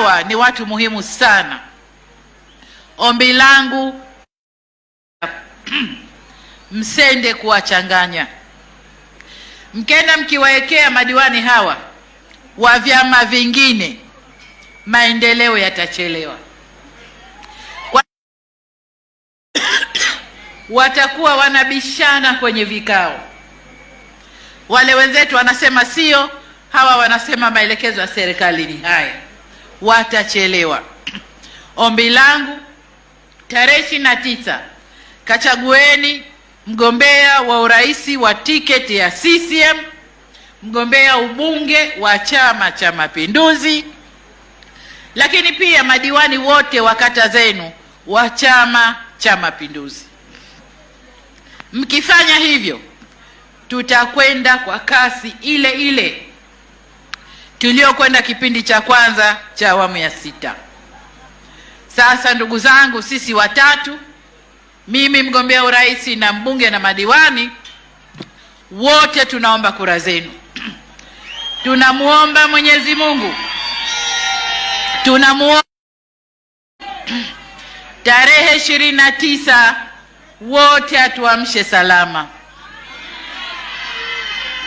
hawa ni watu muhimu sana. Ombi langu msende kuwachanganya. Mkenda mkiwawekea madiwani hawa wa vyama vingine, maendeleo yatachelewa kwa... watakuwa wanabishana kwenye vikao. Wale wenzetu wanasema sio, hawa wanasema maelekezo ya serikali ni haya watachelewa. Ombi langu tarehe ishirini na tisa kachagueni mgombea wa urais wa tiketi ya CCM, mgombea ubunge wa Chama cha Mapinduzi, lakini pia madiwani wote wa kata zenu wa Chama cha Mapinduzi. Mkifanya hivyo, tutakwenda kwa kasi ile ile tuliokwenda kipindi cha kwanza cha awamu ya sita. Sasa ndugu zangu, sisi watatu, mimi mgombea urais na mbunge na madiwani wote, tunaomba kura zenu. Tunamwomba Mwenyezi Mungu, tunamwomba tarehe ishirini na tisa wote atuamshe salama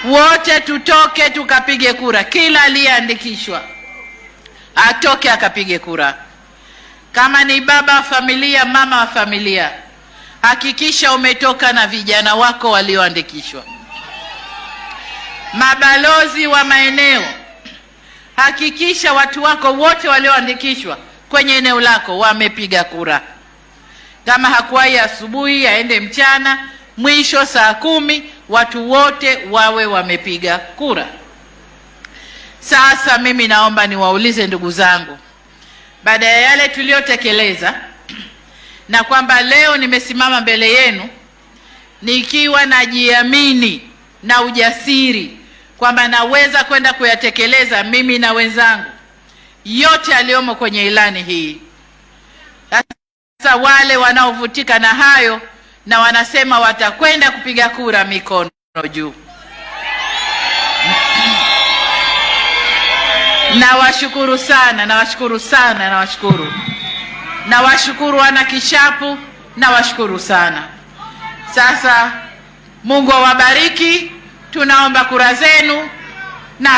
wote tutoke tukapige kura. Kila aliyeandikishwa atoke akapige kura. Kama ni baba wa familia, mama wa familia, hakikisha umetoka na vijana wako walioandikishwa. Mabalozi wa maeneo, hakikisha watu wako wote walioandikishwa kwenye eneo lako wamepiga kura. Kama hakuwahi asubuhi, aende mchana, mwisho saa kumi watu wote wawe wamepiga kura. Sasa mimi naomba niwaulize ndugu zangu, baada ya yale tuliyotekeleza na kwamba leo nimesimama mbele yenu nikiwa najiamini na ujasiri kwamba naweza kwenda kuyatekeleza mimi na wenzangu yote yaliyomo kwenye ilani hii. Sasa wale wanaovutika na hayo na wanasema watakwenda kupiga kura mikono juu. Nawashukuru sana, nawashukuru sana, nawashukuru, nawashukuru wana Kishapu, nawashukuru sana. Sasa Mungu awabariki, tunaomba kura zenu na